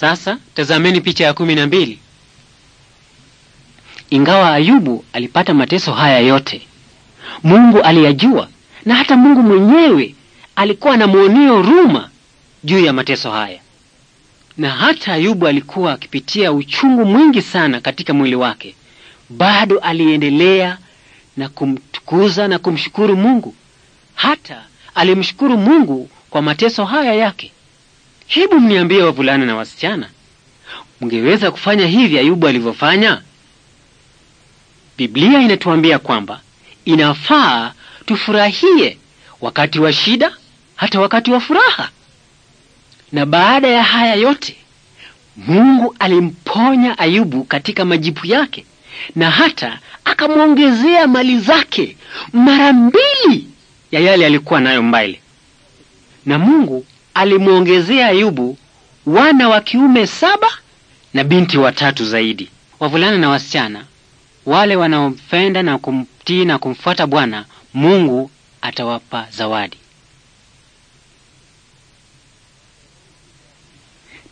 Sasa tazameni picha ya kumi na mbili. Ingawa Ayubu alipata mateso haya yote, Mungu aliyajua na hata Mungu mwenyewe alikuwa na muoneo ruma juu ya mateso haya, na hata Ayubu alikuwa akipitia uchungu mwingi sana katika mwili wake, bado aliendelea na kumtukuza na kumshukuru Mungu. Hata alimshukuru Mungu kwa mateso haya yake. Hebu mniambie, wavulana na wasichana, mngeweza kufanya hivi Ayubu alivyofanya? Biblia inatuambia kwamba inafaa tufurahie wakati wa shida, hata wakati wa furaha. Na baada ya haya yote, Mungu alimponya Ayubu katika majipu yake na hata akamwongezea mali zake mara mbili ya yale alikuwa nayo mbele, na Mungu alimwongezea Ayubu wana wa kiume saba na binti watatu zaidi. Wavulana na wasichana wale wanaompenda na kumtii na kumfuata Bwana Mungu atawapa zawadi.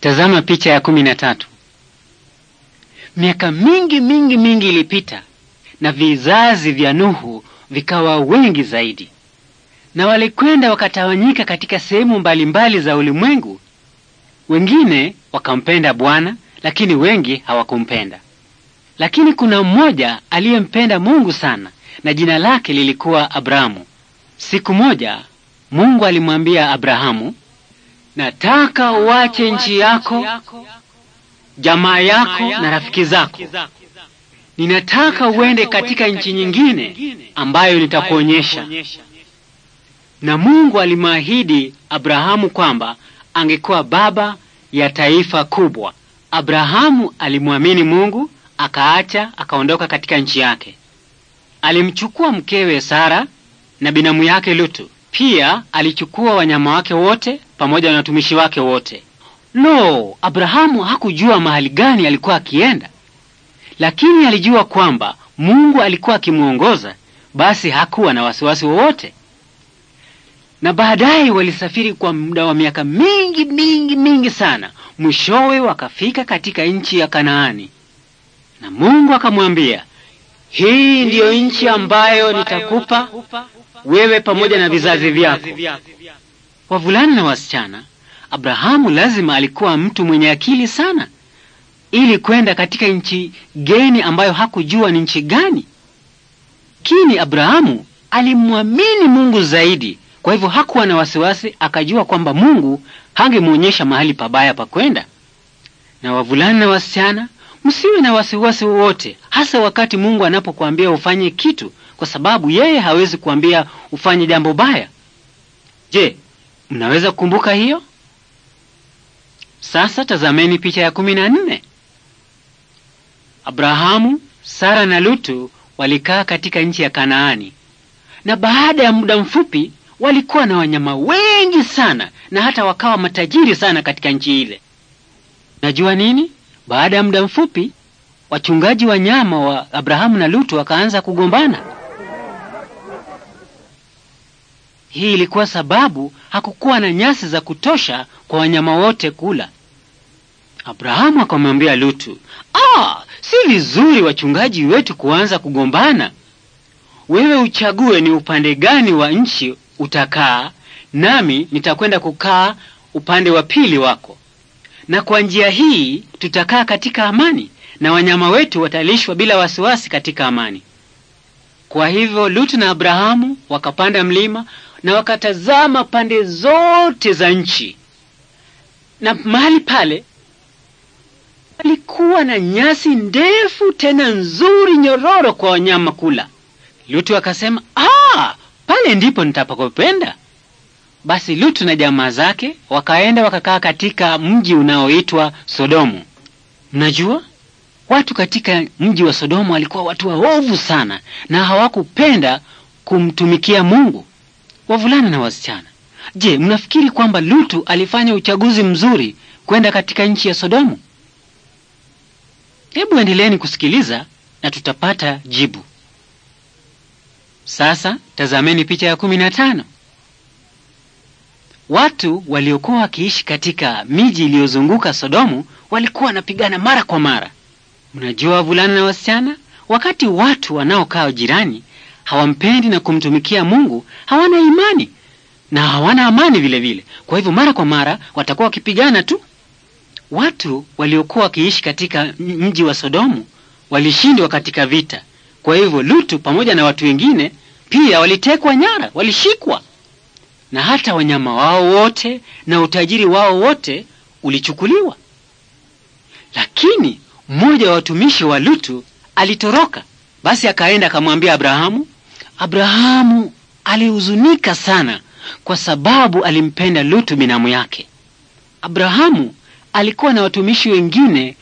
Tazama picha ya kumi na tatu. Miaka mingi mingi mingi ilipita na vizazi vya Nuhu vikawa wengi zaidi na walikwenda wakatawanyika katika sehemu mbalimbali za ulimwengu. Wengine wakampenda Bwana, lakini wengi hawakumpenda. Lakini kuna mmoja aliyempenda Mungu sana, na jina lake lilikuwa Abrahamu. Siku moja Mungu alimwambia Abrahamu, nataka uache nchi yako, jamaa yako na rafiki zako, ninataka uende katika nchi nyingine ambayo nitakuonyesha na Mungu alimwahidi Abrahamu kwamba angekuwa baba ya taifa kubwa. Abrahamu alimwamini Mungu, akaacha akaondoka katika nchi yake. Alimchukua mkewe Sara na binamu yake Lutu. Pia alichukua wanyama wake wote pamoja na watumishi wake wote. Lo, Abrahamu hakujua mahali gani alikuwa akienda, lakini alijua kwamba Mungu alikuwa akimwongoza, basi hakuwa na wasiwasi wowote na baadaye walisafiri kwa muda wa miaka mingi mingi mingi sana. Mwishowe wakafika katika nchi ya Kanaani, na Mungu akamwambia, hii ndiyo nchi ambayo nitakupa wewe pamoja na vizazi vyako. Wavulana na wasichana, Abrahamu lazima alikuwa mtu mwenye akili sana ili kwenda katika nchi geni ambayo hakujua ni nchi gani, lakini Abrahamu alimwamini Mungu zaidi kwa hivyo hakuwa na wasiwasi, akajua kwamba Mungu hangemwonyesha mahali pabaya pa kwenda. Na wavulana na wasichana, msiwe na wasiwasi wowote, hasa wakati Mungu anapokuambia ufanye kitu, kwa sababu yeye hawezi kuambia ufanye jambo baya. Je, mnaweza kukumbuka hiyo? Sasa tazameni picha ya kumi na nne. Abrahamu, Sara na Lutu walikaa katika nchi ya Kanaani, na baada ya muda mfupi walikuwa na wanyama wengi sana na hata wakawa matajiri sana katika nchi ile. Najua nini? Baada ya muda mfupi, wachungaji wa nyama wa Abrahamu na Lutu wakaanza kugombana. Hii ilikuwa sababu hakukuwa na nyasi za kutosha kwa wanyama wote kula. Abrahamu akamwambia Lutu, ah, si vizuri wachungaji wetu kuanza kugombana. Wewe uchague ni upande gani wa nchi utakaa, nami nitakwenda kukaa upande wa pili wako, na kwa njia hii tutakaa katika amani na wanyama wetu watalishwa bila wasiwasi katika amani. Kwa hivyo Lutu na Abrahamu wakapanda mlima na wakatazama pande zote za nchi, na mahali pale palikuwa na nyasi ndefu tena nzuri nyororo kwa wanyama kula. Lutu akasema, ah, pale ndipo nitapakupenda. Basi Lutu na jamaa zake wakaenda wakakaa katika mji unaoitwa Sodomu. Mnajua, watu katika mji wa Sodomu walikuwa watu waovu sana na hawakupenda kumtumikia Mungu, wavulana na wasichana. Je, mnafikiri kwamba Lutu alifanya uchaguzi mzuri kwenda katika nchi ya Sodomu? Hebu endeleeni kusikiliza na tutapata jibu. Sasa tazameni picha ya kumi na tano. Watu waliokuwa wakiishi katika miji iliyozunguka Sodomu walikuwa wanapigana mara kwa mara. Mnajua wavulana na wasichana, wakati watu wanaokaa jirani hawampendi na kumtumikia Mungu, hawana imani na hawana amani vile vile. Kwa hivyo mara kwa mara watakuwa wakipigana tu. Watu waliokuwa wakiishi katika mji wa Sodomu walishindwa katika vita. Kwa hivyo Lutu pamoja na watu wengine pia walitekwa nyara, walishikwa, na hata wanyama wao wote na utajiri wao wote ulichukuliwa. Lakini mmoja wa watumishi wa Lutu alitoroka, basi akaenda akamwambia Abrahamu. Abrahamu alihuzunika sana kwa sababu alimpenda Lutu binamu yake. Abrahamu alikuwa na watumishi wengine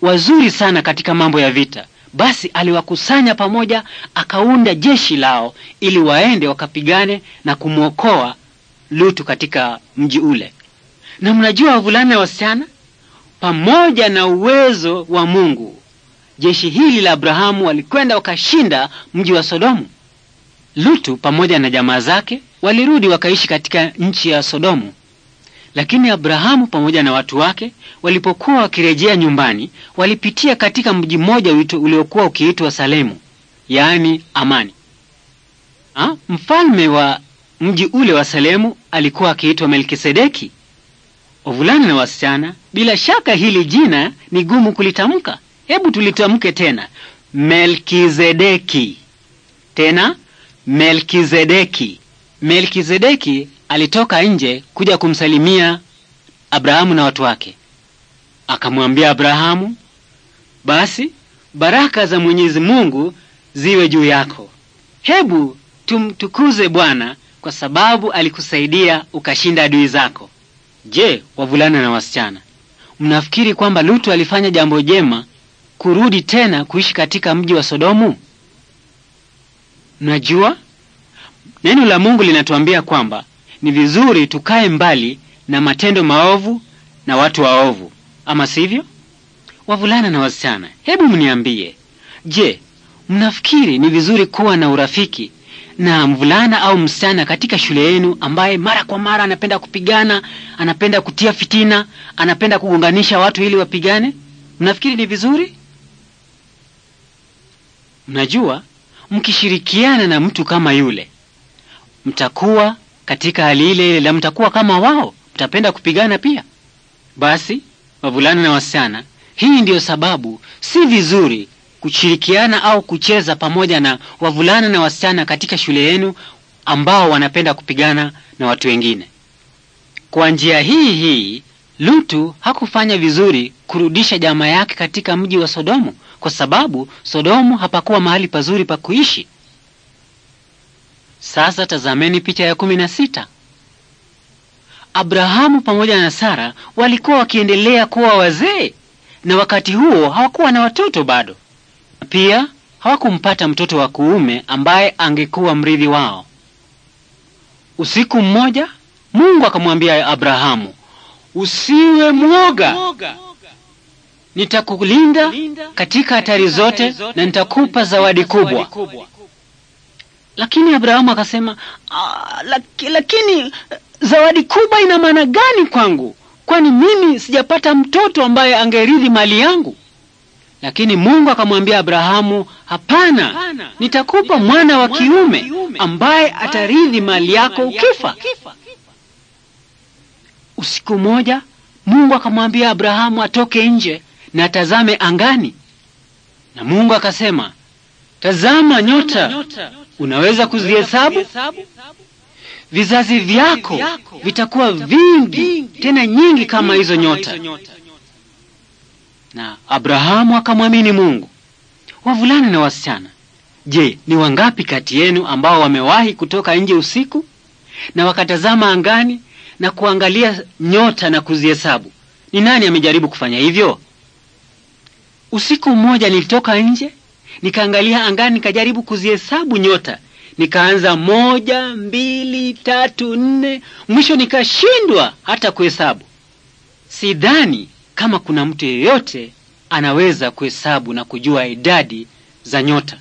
wazuri sana katika mambo ya vita, basi aliwakusanya pamoja, akaunda jeshi lao ili waende wakapigane na kumwokoa Lutu katika mji ule. Na mnajua wavulana wasichana, pamoja na uwezo wa Mungu, jeshi hili la Abrahamu walikwenda wakashinda mji wa Sodomu. Lutu pamoja na jamaa zake walirudi wakaishi katika nchi ya Sodomu. Lakini Abrahamu pamoja na watu wake walipokuwa wakirejea nyumbani, walipitia katika mji mmoja uliokuwa ukiitwa Salemu, yaani amani. Ha? Ah, mfalme wa mji ule wa Salemu alikuwa akiitwa Melkisedeki. Wavulana na wasichana, bila shaka hili jina ni gumu kulitamka. Hebu tulitamke tena, Melkizedeki. Tena Melkizedeki. Melkizedeki alitoka nje kuja kumsalimia Abrahamu na watu wake. Akamwambia Abrahamu, basi baraka za Mwenyezi Mungu ziwe juu yako. Hebu tumtukuze Bwana kwa sababu alikusaidia ukashinda adui zako. Je, wavulana na wasichana, mnafikiri kwamba Lutu alifanya jambo jema kurudi tena kuishi katika mji wa Sodomu? Najua neno la Mungu linatuambia kwamba ni vizuri tukae mbali na matendo maovu na watu waovu, ama sivyo? Wavulana na wasichana, hebu mniambie, je, mnafikiri ni vizuri kuwa na urafiki na mvulana au msichana katika shule yenu ambaye mara kwa mara anapenda kupigana, anapenda kutia fitina, anapenda kugonganisha watu ili wapigane? Mnafikiri ni vizuri? Mnajua, mkishirikiana na mtu kama yule mtakuwa katika hali ile ile, la mtakuwa kama wao, mtapenda kupigana pia. Basi wavulana na wasichana, hii ndiyo sababu si vizuri kushirikiana au kucheza pamoja na wavulana na wasichana katika shule yenu ambao wanapenda kupigana na watu wengine. Kwa njia hii hii Lutu hakufanya vizuri kurudisha jamaa yake katika mji wa Sodomu, kwa sababu Sodomu hapakuwa mahali pazuri pa kuishi. Sasa tazameni picha ya kumi na sita. Abrahamu pamoja na Sara walikuwa wakiendelea kuwa wazee, na wakati huo hawakuwa na watoto bado. Pia hawakumpata mtoto wa kuume ambaye angekuwa mrithi wao. Usiku mmoja Mungu akamwambia Abrahamu, usiwe mwoga, nitakulinda katika hatari zote na nitakupa zawadi kubwa. Lakini Abrahamu akasema ah, laki, lakini eh, zawadi kubwa ina maana gani kwangu? Kwani mimi sijapata mtoto ambaye angerithi mali yangu? Lakini Mungu akamwambia Abrahamu, hapana, nitakupa mwana wa kiume ambaye atarithi mali yako ukifa. Usiku moja Mungu akamwambia Abrahamu atoke nje na atazame angani, na Mungu akasema, tazama nyota Unaweza kuzihesabu? Vizazi vyako vitakuwa vingi tena nyingi kama hizo nyota. Na Abrahamu akamwamini Mungu. Wavulana na wasichana, je, ni wangapi kati yenu ambao wamewahi kutoka nje usiku na wakatazama angani na kuangalia nyota na kuzihesabu? Ni nani amejaribu kufanya hivyo? Usiku mmoja nilitoka nje Nikaangalia angani, nikajaribu kuzihesabu nyota, nikaanza moja, mbili, tatu, nne, mwisho nikashindwa hata kuhesabu. Sidhani kama kuna mtu yeyote anaweza kuhesabu na kujua idadi za nyota.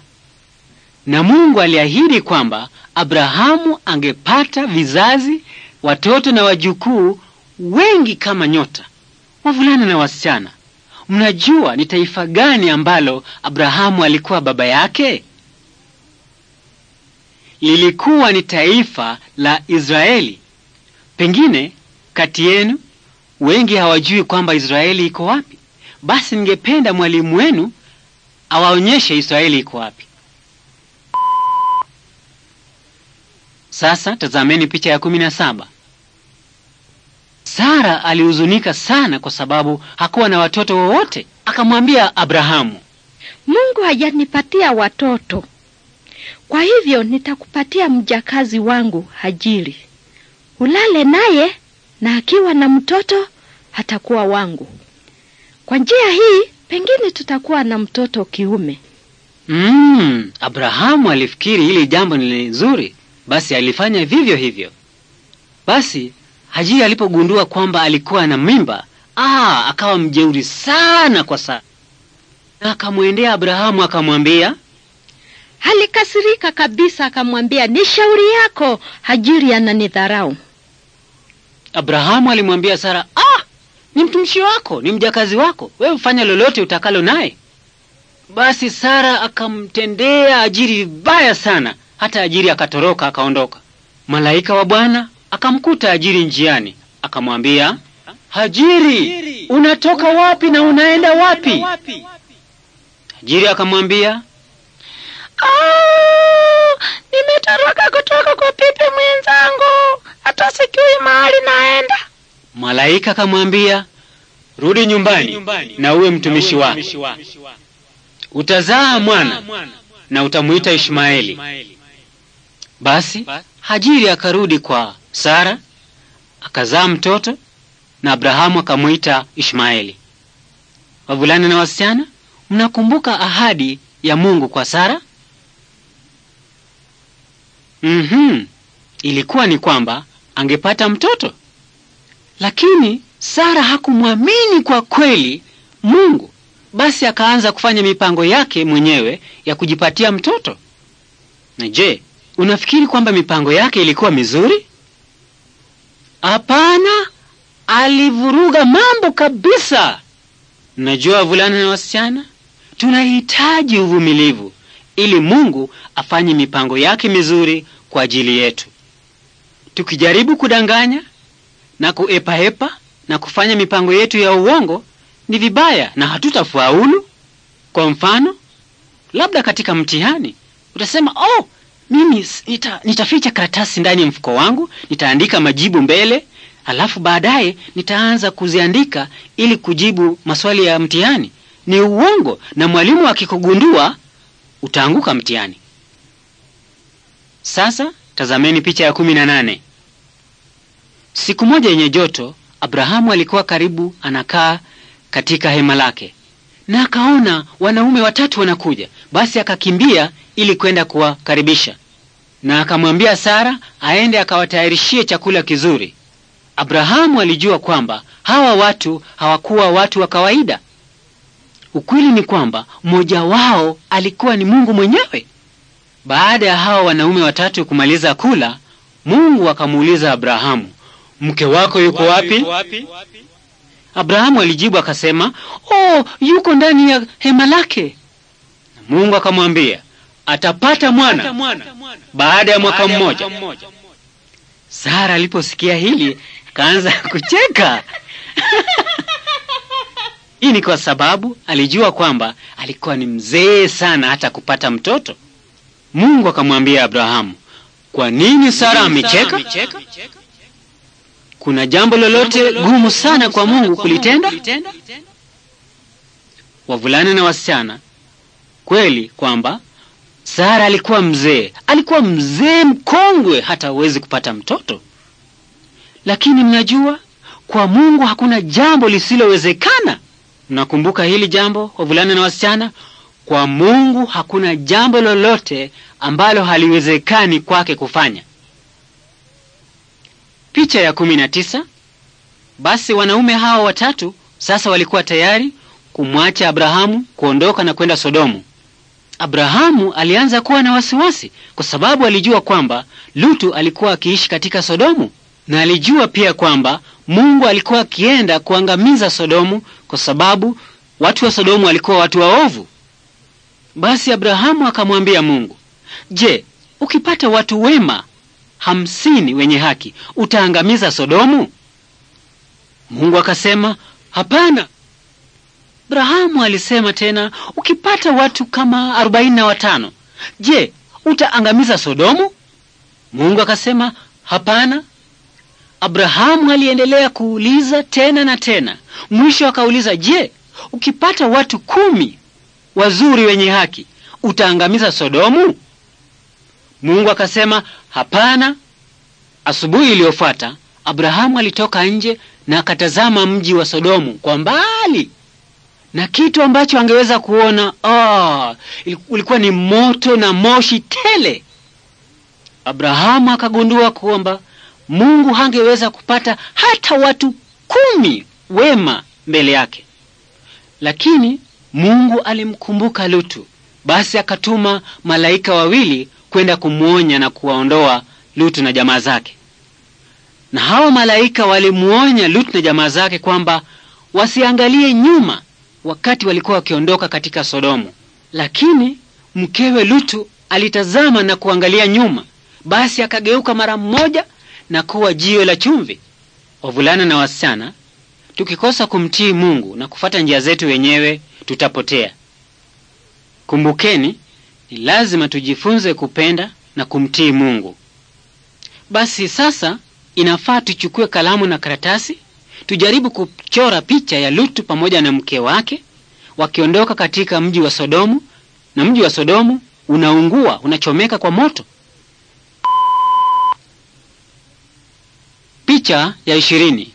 Na Mungu aliahidi kwamba Abrahamu angepata vizazi, watoto na wajukuu wengi kama nyota, wavulana na wasichana mnajua ni taifa gani ambalo Abrahamu alikuwa baba yake? Lilikuwa ni taifa la Israeli. Pengine kati yenu wengi hawajui kwamba Israeli iko wapi. Basi ningependa mwalimu wenu awaonyeshe Israeli iko wapi. Sasa tazameni picha ya kumi na saba. Sara alihuzunika sana kwa sababu hakuwa na watoto wowote. Akamwambia Abrahamu, Mungu hajanipatia watoto, kwa hivyo nitakupatia mjakazi wangu Hajiri, ulale naye, na akiwa na mtoto atakuwa wangu. Kwa njia hii pengine tutakuwa na mtoto kiume. Mm, Abrahamu alifikiri hili jambo ni nzuri, basi alifanya vivyo hivyo. Basi Haji alipogundua kwamba alikuwa na mimba, aa, akawa mjeuri sana kwa saa, na akamwendea Abrahamu akamwambia Alikasirika kabisa akamwambia, ni shauri yako, Hajiri ananidharau. Abrahamu alimwambia Sara, ah, ni mtumishi wako, ni mjakazi wako, wewe ufanya lolote utakalo naye. Basi Sara akamtendea Hajiri vibaya sana, hata Hajiri akatoroka akaondoka. Malaika wa Bwana Akamkuta ajiri njiani, akamwambia, Hajiri, unatoka wapi na unaenda wapi? Hajiri akamwambia, ah, nimetoroka kutoka kwa pipi mwenzangu, hata sijui mahali naenda. Malaika akamwambia, rudi nyumbani na uwe mtumishi wake, utazaa mwana na utamwita Ishmaeli. Basi Hajiri akarudi kwa Sara akazaa mtoto na Abrahamu akamwita Ishmaeli. Wavulana na wasichana, mnakumbuka ahadi ya Mungu kwa Sara? Mhm, ilikuwa ni kwamba angepata mtoto, lakini Sara hakumwamini kwa kweli Mungu. Basi akaanza kufanya mipango yake mwenyewe ya kujipatia mtoto. Na je, unafikiri kwamba mipango yake ilikuwa mizuri? Hapana, alivuruga mambo kabisa. Najua wavulana na wasichana, tunahitaji uvumilivu ili Mungu afanye mipango yake mizuri kwa ajili yetu. Tukijaribu kudanganya na kuepaepa na kufanya mipango yetu ya uongo, ni vibaya na hatutafaulu. Kwa mfano, labda katika mtihani utasema oh, mimi nita, nitaficha karatasi ndani ya mfuko wangu, nitaandika majibu mbele, alafu baadaye nitaanza kuziandika ili kujibu maswali ya mtihani. Ni uongo, na mwalimu akikugundua utaanguka mtihani. Sasa tazameni picha ya kumi na nane. Siku moja yenye joto, Abrahamu alikuwa karibu anakaa katika hema lake na akaona wanaume watatu wanakuja, basi akakimbia ili kwenda kuwakaribisha na akamwambia Sara aende akawatayarishie chakula kizuri. Abrahamu alijua kwamba hawa watu hawakuwa watu wa kawaida. Ukweli ni kwamba mmoja wao alikuwa ni Mungu mwenyewe. Baada ya hawa wanaume watatu kumaliza kula, Mungu akamuuliza Abrahamu, mke wako yuko wapi? Abrahamu alijibu akasema, oh, yuko ndani ya hema lake. Mungu akamwambia, atapata mwana baada ya mwaka mmoja. Sara aliposikia hili kaanza kucheka. Hii ni kwa sababu alijua kwamba alikuwa ni mzee sana hata kupata mtoto. Mungu akamwambia Abrahamu, kwa nini Sara amecheka? Kuna jambo lolote gumu sana kwa Mungu kulitenda? Wavulana na wasichana, kweli kwamba Sara alikuwa mzee, alikuwa mzee mkongwe, hata hawezi kupata mtoto. Lakini mnajua kwa Mungu hakuna jambo lisilowezekana. Mnakumbuka hili jambo, wavulana na wasichana? Kwa Mungu hakuna jambo lolote ambalo haliwezekani kwake kufanya. Picha ya kumi na tisa. Basi wanaume hawa watatu sasa walikuwa tayari kumwacha Abrahamu kuondoka na kwenda Sodomu. Abrahamu alianza kuwa na wasiwasi kwa sababu alijua kwamba Lutu alikuwa akiishi katika Sodomu na alijua pia kwamba Mungu alikuwa akienda kuangamiza Sodomu kwa sababu watu wa Sodomu walikuwa watu waovu. Basi Abrahamu akamwambia Mungu, "Je, ukipata watu wema hamsini wenye haki, utaangamiza Sodomu?" Mungu akasema, "Hapana, Abrahamu alisema tena, ukipata watu kama arobaini na watano, je, utaangamiza Sodomu? Mungu akasema hapana. Abrahamu aliendelea kuuliza tena na tena, mwisho akauliza, je, ukipata watu kumi wazuri wenye haki utaangamiza Sodomu? Mungu akasema hapana. Asubuhi iliyofuata Abrahamu alitoka nje na akatazama mji wa Sodomu kwa mbali na kitu ambacho angeweza kuona ah, ulikuwa ni moto na moshi tele. Abrahamu akagundua kwamba Mungu hangeweza kupata hata watu kumi wema mbele yake, lakini Mungu alimkumbuka Lutu, basi akatuma malaika wawili kwenda kumwonya na kuwaondoa Lutu na jamaa zake. Na hawa malaika walimuonya Lutu na jamaa zake kwamba wasiangalie nyuma wakati walikuwa wakiondoka katika Sodomu. Lakini mkewe Lutu alitazama na kuangalia nyuma, basi akageuka mara mmoja na kuwa jiwe la chumvi. Wavulana na wasichana, tukikosa kumtii Mungu na kufata njia zetu wenyewe tutapotea. Kumbukeni, ni lazima tujifunze kupenda na kumtii Mungu. Basi sasa inafaa tuchukue kalamu na karatasi tujaribu kuchora picha ya Lutu pamoja na mke wake wakiondoka katika mji wa Sodomu, na mji wa Sodomu unaungua, unachomeka kwa moto. Picha ya ishirini.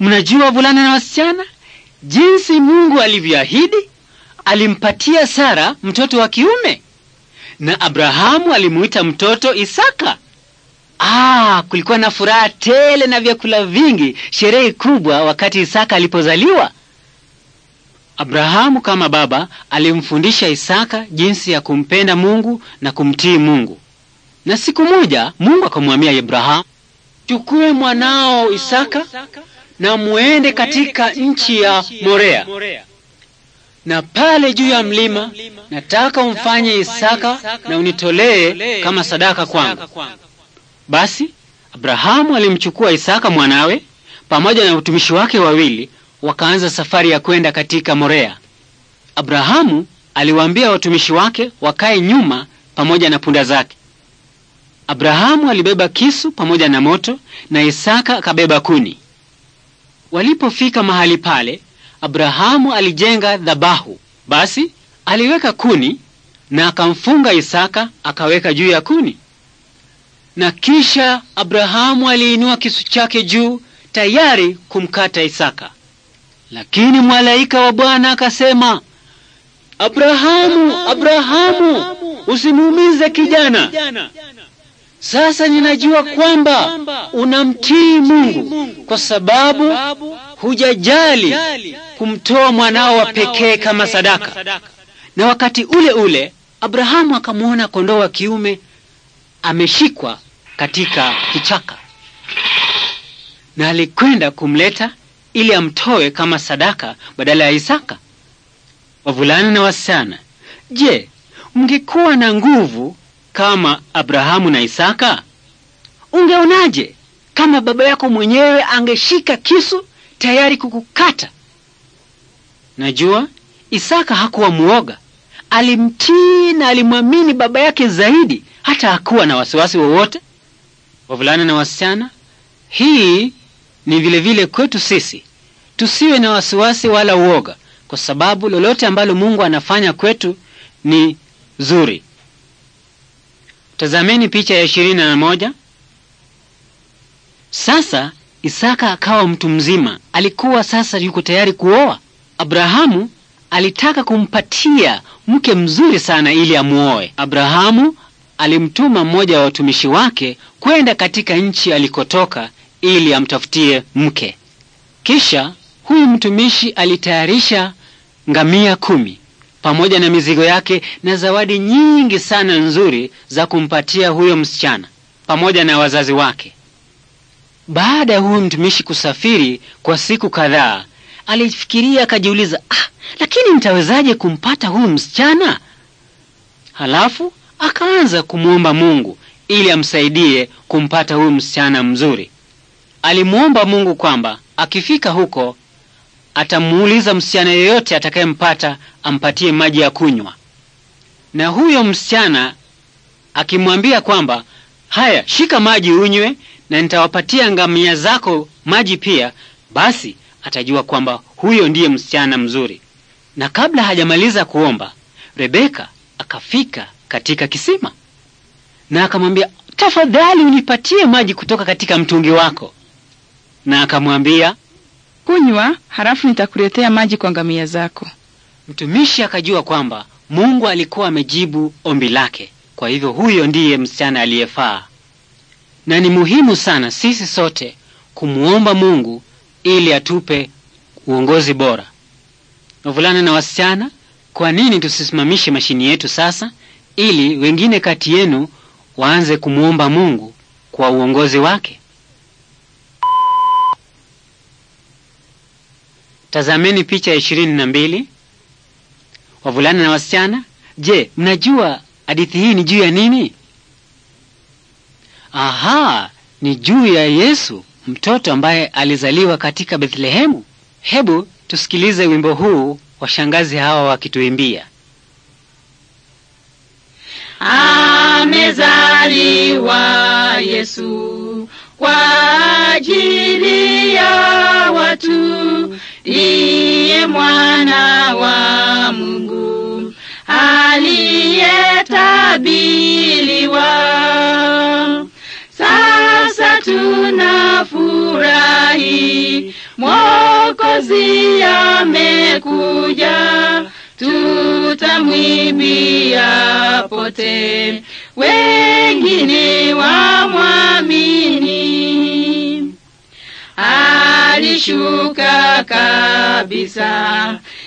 Mnajua vulana na wasichana, jinsi Mungu alivyoahidi, alimpatia Sara mtoto wa kiume na Abrahamu alimuita mtoto Isaka. Ah, kulikuwa na furaha tele na vyakula vingi, sherehe kubwa wakati Isaka alipozaliwa. Abrahamu kama baba alimfundisha Isaka jinsi ya kumpenda Mungu na kumtii Mungu. Na siku moja Mungu akamwambia Abrahamu, chukue mwanao Isaka na muende katika nchi ya Morea, na pale juu ya mlima nataka umfanye Isaka na unitolee kama sadaka kwangu. Basi Abrahamu alimchukua Isaka mwanawe pamoja na utumishi wake wawili, wakaanza safari ya kwenda katika Morea. Abrahamu aliwaambia watumishi wake wakae nyuma pamoja na punda zake. Abrahamu alibeba kisu pamoja na moto na Isaka akabeba kuni. Walipofika mahali pale, Abrahamu alijenga dhabahu. Basi aliweka kuni na akamfunga Isaka akaweka juu ya kuni. Na kisha Abrahamu aliinua kisu chake juu tayari kumkata Isaka, lakini malaika wa Bwana akasema, Abrahamu, Abrahamu, usimuumize kijana. Sasa ninajua kwamba unamtii Mungu kwa sababu hujajali kumtoa mwanao wa pekee kama sadaka. Na wakati ule ule Abrahamu akamwona kondoo wa kiume ameshikwa katika kichaka, na alikwenda kumleta ili amtoe kama sadaka badala ya Isaka. Wavulana na wasichana, je, mngekuwa na nguvu kama Abrahamu na Isaka? Ungeonaje kama baba yako mwenyewe angeshika kisu tayari kukukata? Najua Isaka hakuwa mwoga, alimtii na alimwamini baba yake zaidi, hata hakuwa na wasiwasi wowote wavulana na wasichana. Hii ni vile vile kwetu sisi, tusiwe na wasiwasi wala uoga, kwa sababu lolote ambalo Mungu anafanya kwetu ni zuri. Tazameni picha ya ishirini na moja. Sasa Isaka akawa mtu mzima, alikuwa sasa yuko tayari kuoa. Abrahamu alitaka kumpatia mke mzuri sana ili amuoe. Abrahamu alimtuma mmoja wa watumishi wake kwenda katika nchi alikotoka ili amtafutie mke. Kisha huyu mtumishi alitayarisha ngamia kumi pamoja na mizigo yake na zawadi nyingi sana nzuri za kumpatia huyo msichana pamoja na wazazi wake. Baada ya huyu mtumishi kusafiri kwa siku kadhaa, alifikiria akajiuliza, ah, lakini nitawezaje kumpata huyu msichana? Halafu Akaanza kumwomba Mungu ili amsaidie kumpata huyu msichana mzuri. Alimwomba Mungu kwamba akifika huko atamuuliza msichana yeyote atakayempata ampatie maji ya kunywa, na huyo msichana akimwambia kwamba haya, shika maji unywe na nitawapatia ngamia zako maji pia, basi atajua kwamba huyo ndiye msichana mzuri. Na kabla hajamaliza kuomba, Rebeka akafika katika kisima na akamwambia, tafadhali unipatie maji kutoka katika mtungi wako. Na akamwambia, kunywa, halafu nitakuletea maji kwa ngamia zako. Mtumishi akajua kwamba Mungu alikuwa amejibu ombi lake, kwa hivyo huyo ndiye msichana aliyefaa. Na ni muhimu sana sisi sote kumwomba Mungu ili atupe uongozi bora. Wavulana na wasichana, kwa nini tusisimamishe mashini yetu sasa ili wengine kati yenu waanze kumwomba Mungu kwa uongozi wake. Tazameni picha ya ishirini na mbili. Wavulana na wasichana, je, mnajua hadithi hii ni juu ya nini? Aha, ni juu ya Yesu, mtoto ambaye alizaliwa katika Bethlehemu. Hebu tusikilize wimbo huu washangazi hawa wakituimbia amezaliwa Yesu kwa ajili ya watu, ndiye mwana wa Mungu aliyetabiliwa. Sasa tunafurahi, Mwokozi amekuja tutamwimbia pote, wengine wamwamini. Alishuka kabisa,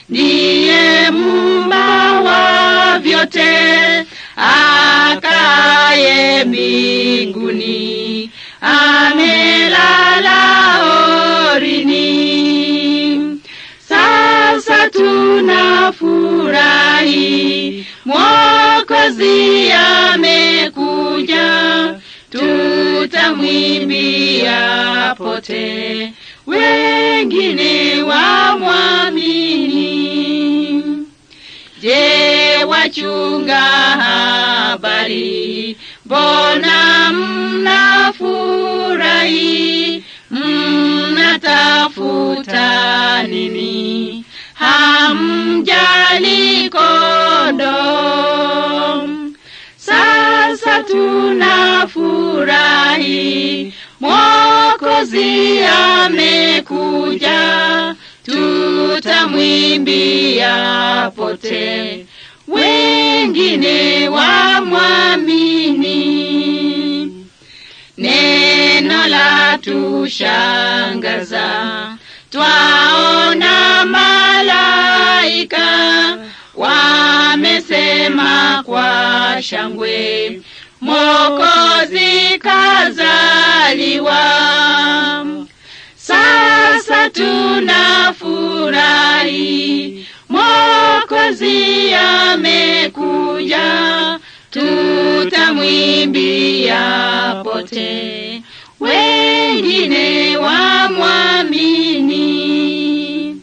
ndiye mumba wa vyote, akaye mbinguni, amelala orini tunafurahi, Mwokozi amekuja, tutamwimbia pote, wengine wamwamini. Je, wachunga habari, mbona mnafurahi? Mnatafuta nini? hamjali kondo Sasa tunafurahi, Mwokozi amekuja, tutamwimbia pote, wengine wamwamini. Neno la tushangaza twaona malaika wamesema kwa shangwe, mokozi kazaliwa. Sasa tunafurahi, mokozi amekuja, tutamwimbia pote wengine wamwamini,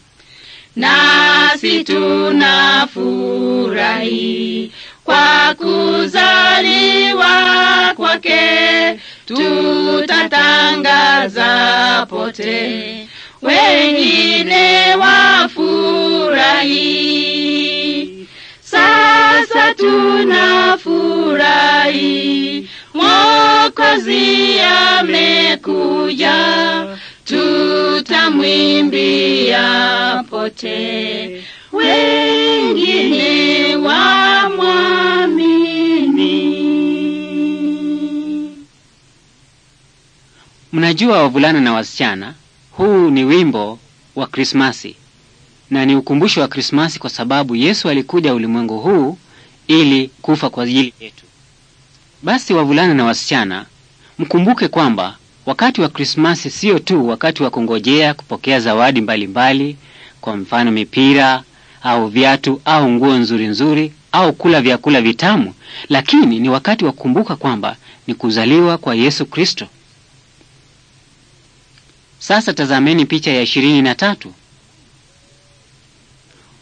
nasi tunafurahi kwa kuzaliwa kwake, tutatangaza pote, wengine wafurahi. Sasa tunafurahi Mwokozi amekuja, tutamwimbia pote, wengine wamwamini. Mnajua wavulana na wasichana, huu ni wimbo wa Krismasi na ni ukumbusho wa Krismasi kwa sababu Yesu alikuja ulimwengu huu ili kufa kwa ajili yetu. Basi wavulana na wasichana, mkumbuke kwamba wakati wa Krismasi sio tu wakati wa kungojea kupokea zawadi mbalimbali mbali, kwa mfano mipira au viatu au nguo nzuri nzuri au kula vyakula vitamu, lakini ni wakati wa kukumbuka kwamba ni kuzaliwa kwa Yesu Kristo. Sasa tazameni picha ya ishirini na tatu.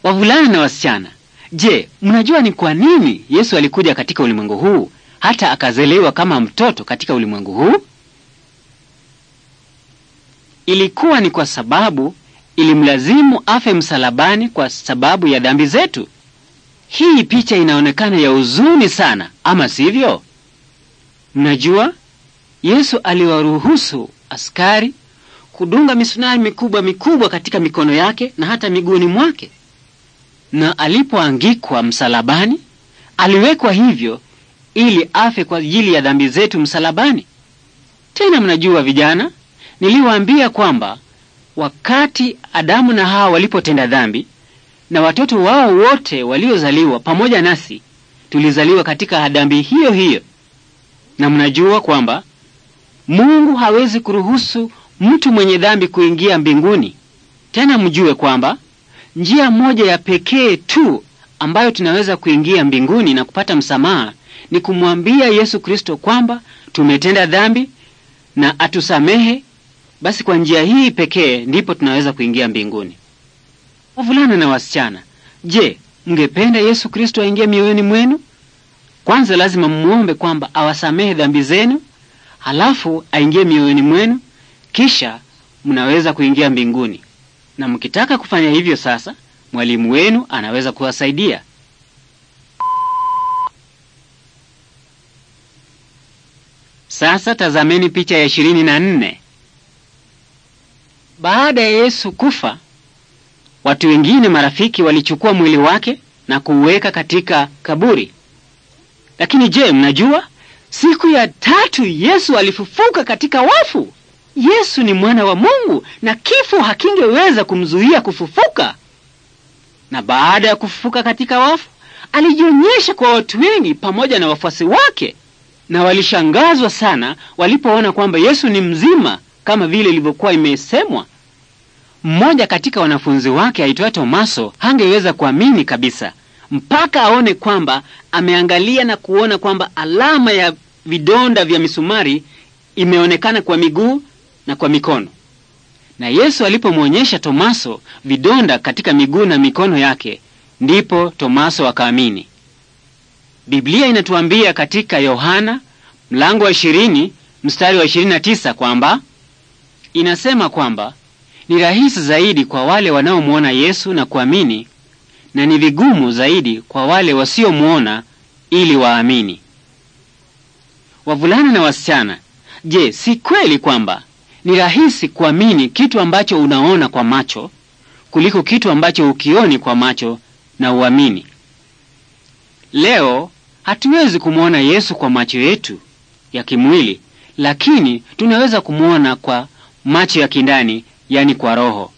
Wavulana na wasichana, je, mnajua ni kwa nini Yesu alikuja katika ulimwengu huu hata akazaliwa kama mtoto katika ulimwengu huu? Ilikuwa ni kwa sababu ilimlazimu afe msalabani kwa sababu ya dhambi zetu. Hii picha inaonekana ya huzuni sana, ama sivyo? Mnajua, Yesu aliwaruhusu askari kudunga misumari mikubwa mikubwa katika mikono yake na hata miguuni mwake, na alipoangikwa msalabani aliwekwa hivyo ili afe kwa ajili ya dhambi zetu msalabani. Tena mnajua vijana, niliwaambia kwamba wakati Adamu na Hawa walipotenda dhambi na watoto wao wote waliozaliwa pamoja nasi tulizaliwa katika dhambi hiyo hiyo, na mnajua kwamba Mungu hawezi kuruhusu mtu mwenye dhambi kuingia mbinguni. Tena mjue kwamba njia moja ya pekee tu ambayo tunaweza kuingia mbinguni na kupata msamaha ni kumwambia Yesu Kristo kwamba tumetenda dhambi na atusamehe. Basi kwa njia hii pekee ndipo tunaweza kuingia mbinguni. Wavulana na wasichana, je, mngependa Yesu Kristo aingie mioyoni mwenu? Kwanza lazima mmuombe kwamba awasamehe dhambi zenu, halafu aingie mioyoni mwenu, kisha mnaweza kuingia mbinguni. Na mkitaka kufanya hivyo sasa, mwalimu wenu anaweza kuwasaidia. Sasa tazameni picha ya ishirini na nne. Baada ya Yesu kufa, watu wengine marafiki walichukua mwili wake na kuuweka katika kaburi. Lakini je, mnajua siku ya tatu Yesu alifufuka katika wafu? Yesu ni mwana wa Mungu na kifo hakingeweza kumzuia kufufuka. Na baada ya kufufuka katika wafu, alijionyesha kwa watu wengi pamoja na wafuasi wake na walishangazwa sana walipoona kwamba Yesu ni mzima kama vile ilivyokuwa imesemwa. Mmoja katika wanafunzi wake aitwaye Tomaso hangeweza kuamini kabisa mpaka aone kwamba ameangalia na kuona kwamba alama ya vidonda vya misumari imeonekana kwa miguu na kwa mikono. Na Yesu alipomwonyesha Tomaso vidonda katika miguu na mikono yake, ndipo Tomaso akaamini. Biblia inatuambia katika Yohana mlango wa ishirini mstari wa tisa kwamba inasema kwamba ni rahisi zaidi kwa wale wanaomwona Yesu na kuamini na ni vigumu zaidi kwa wale wasiomwona ili waamini. Wavulana na wasichana, je, si kweli kwamba ni rahisi kuamini kitu ambacho unaona kwa macho kuliko kitu ambacho ukioni kwa macho na uamini? Leo Hatuwezi kumwona Yesu kwa macho yetu ya kimwili, lakini tunaweza kumwona kwa macho ya kindani, yani kwa roho.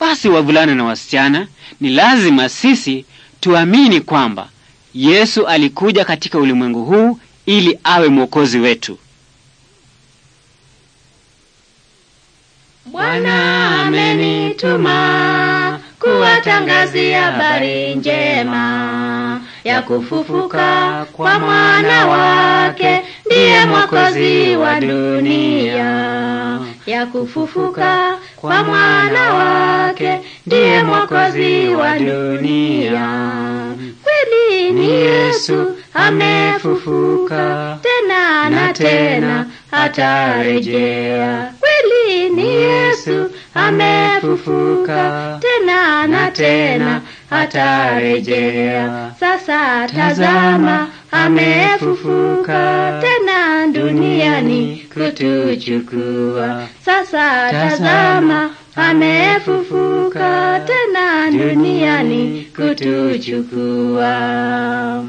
Basi wavulana na wasichana, ni lazima sisi tuamini kwamba Yesu alikuja katika ulimwengu huu ili awe mwokozi wetu. Bwana amenituma kuwatangazia habari njema ya kufufuka kwa mwana wake, ndiye mwokozi wa dunia. Ya kufufuka kwa mwana wake, ndiye mwokozi wa dunia. Kweli ni Yesu amefufuka, tena na tena atarejea. Kweli ni Yesu amefufuka, tena na tena atarejea. Sasa tazama, amefufuka tena duniani kutuchukua. Sasa tazama, amefufuka tena duniani kutuchukua.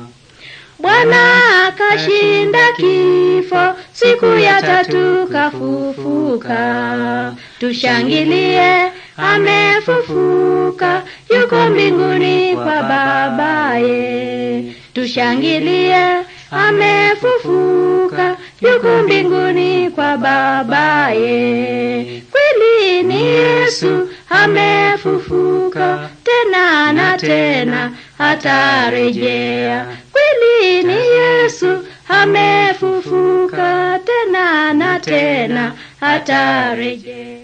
Bwana akashinda kifo, siku ya tatu kafufuka, tushangilie amefufuka, yuko mbinguni kwa babaye. Tushangilie, amefufuka, yuko mbinguni kwa babaye. Kweli ni Yesu amefufuka, tena na tena atarejea. Kweli ni Yesu amefufuka, tena na tena atarejea.